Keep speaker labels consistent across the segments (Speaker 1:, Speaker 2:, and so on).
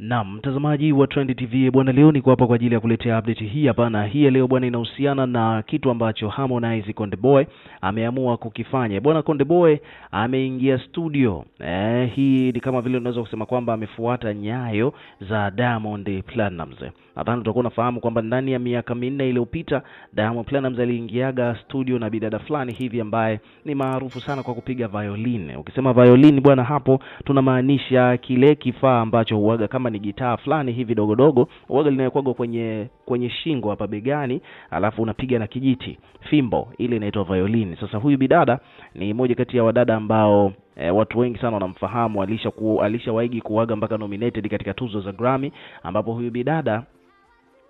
Speaker 1: Naam, mtazamaji wa Trend TV bwana, leo niko hapa kwa ajili ya kuletea update hii hapa, na hii leo bwana inahusiana na kitu ambacho Harmonize Konde Boy ameamua kukifanya. Bwana Konde Boy ameingia studio. Eh, hii ni kama vile unaweza kusema kwamba amefuata nyayo za Diamond Platnumz. Nadhani utakuwa unafahamu kwamba ndani ya miaka minne iliyopita Diamond Platnumz aliingiaga studio na bidada fulani hivi ambaye ni maarufu sana kwa kupiga violin. Ukisema violin bwana, hapo tunamaanisha kile kifaa ambacho huaga kama kama ni gitaa fulani hivi dogodogo, uwaga linawekwaga kwenye kwenye shingo hapa begani, alafu unapiga na kijiti fimbo, ile inaitwa violin. Sasa huyu bidada ni moja kati ya wadada ambao E, watu wengi sana wanamfahamu, alishawaigi ku, alisha kuwaga mpaka nominated katika tuzo za Grammy, ambapo huyu bidada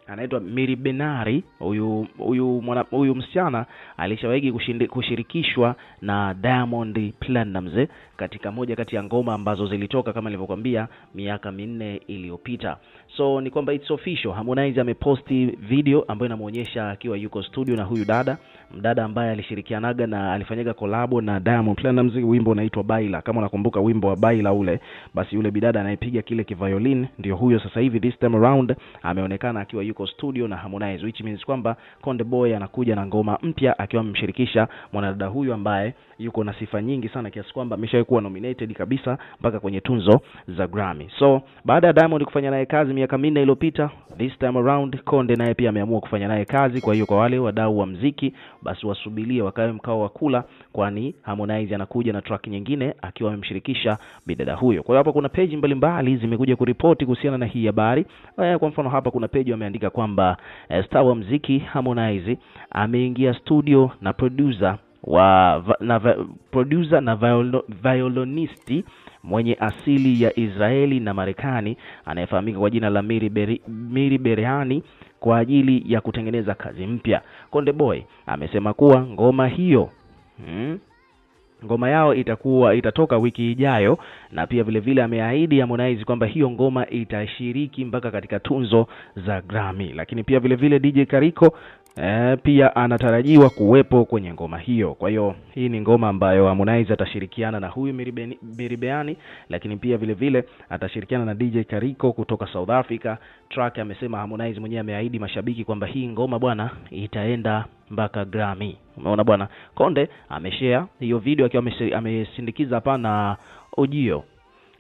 Speaker 1: anaitwa Miri Benari. Huyu huyu mwana huyu msichana alishawahi kushirikishwa na Diamond Platnumz katika moja kati ya ngoma ambazo zilitoka kama nilivyokuambia miaka minne iliyopita. So ni kwamba it's official, Harmonize ameposti video ambayo inamuonyesha akiwa yuko studio na huyu dada mdada ambaye alishirikianaga na alifanyaga kolabo na Diamond Platinumz, wimbo unaitwa Baila. Kama unakumbuka wimbo wa Baila ule, basi yule bidada anayepiga kile kiviolin ndio huyo. Sasa hivi this time around ameonekana akiwa yuko studio na Harmonize, which means kwamba Konde Boy anakuja na ngoma mpya akiwa amemshirikisha mwanadada huyu ambaye yuko na sifa nyingi sana kiasi kwamba ameshawahi nominated kabisa mpaka kwenye tunzo za Grammy. So baada ya Diamond kufanya naye kazi miaka minne iliyopita, this time around Konde naye pia ameamua kufanya naye kazi. Kwa hiyo kwa wale wadau wa mziki basi wasubilie wakawe mkao wa kula, kwani Harmonize anakuja na track nyingine akiwa amemshirikisha bidada huyo. Kwa hiyo hapa kuna peji mbalimbali zimekuja kuripoti kuhusiana na hii habari. Eh, kwa mfano hapa kuna peji wameandika kwamba eh, star wa mziki Harmonize ameingia studio na producer wa, na, producer na violinist violonisti mwenye asili ya Israeli na Marekani anayefahamika kwa jina la Miri, Beri, Miri Berehani kwa ajili ya kutengeneza kazi mpya. Konde Boy amesema kuwa ngoma hiyo hmm, ngoma yao itakuwa itatoka wiki ijayo, na pia vilevile ameahidi Harmonize kwamba hiyo ngoma itashiriki mpaka katika tunzo za Grammy. Lakini pia vilevile vile DJ Kariko e, pia anatarajiwa kuwepo kwenye ngoma hiyo. Kwa hiyo hii ni ngoma ambayo Harmonize atashirikiana na huyu Biribeani, lakini pia vile vile atashirikiana na DJ Kariko kutoka South Africa. Track amesema Harmonize mwenyewe ameahidi mashabiki kwamba hii ngoma bwana itaenda mpaka Grammy. Umeona bwana, Konde ameshare hiyo video akiwa amesindikiza hapa na ujio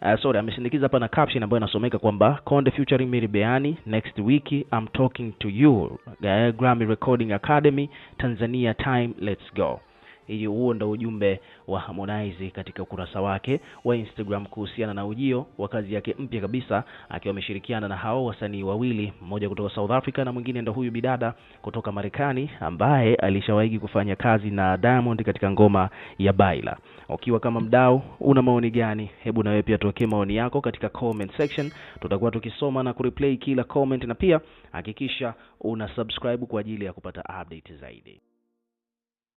Speaker 1: Uh, sorry amesindikiza hapa na caption ambayo inasomeka kwamba Konde featuring Miri Beani next week I'm talking to you uh, Grammy Recording Academy Tanzania time let's go ili Huo ndo ujumbe wa Harmonize katika ukurasa wake wa Instagram kuhusiana na ujio wa kazi yake mpya kabisa, akiwa ameshirikiana na hao wasanii wawili, mmoja kutoka South Africa na mwingine ndo huyu bidada kutoka Marekani ambaye alishawahi kufanya kazi na Diamond katika ngoma ya Baila. Ukiwa kama mdau, una maoni gani? Hebu na wewe pia tuwekee maoni yako katika comment section, tutakuwa tukisoma na kureplay kila comment, na pia hakikisha una subscribe kwa ajili ya kupata update zaidi.